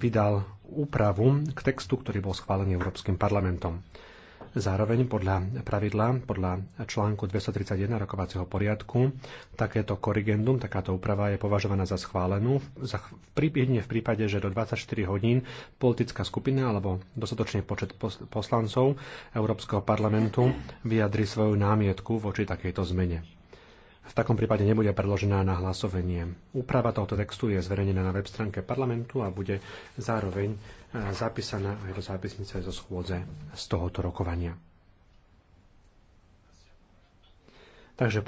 vydal úpravu k textu, ktorý bol schválený Európskym parlamentom. Zároveň podľa pravidla, podľa článku 231 rokovacieho poriadku, takéto korrigendum, takáto úprava je považovaná za schválenú za, jedine v prípade, že do 24 hodín politická skupina alebo dostatočný počet poslancov Európskeho parlamentu vyjadri svoju námietku voči takejto zmene. V takom prípade nebude predložená na hlasovanie. Úprava tohto textu je zverejnená na web stránke parlamentu a bude zároveň eh, zapísaná aj do zápisnice zo schôdze z tohoto rokovania. Takže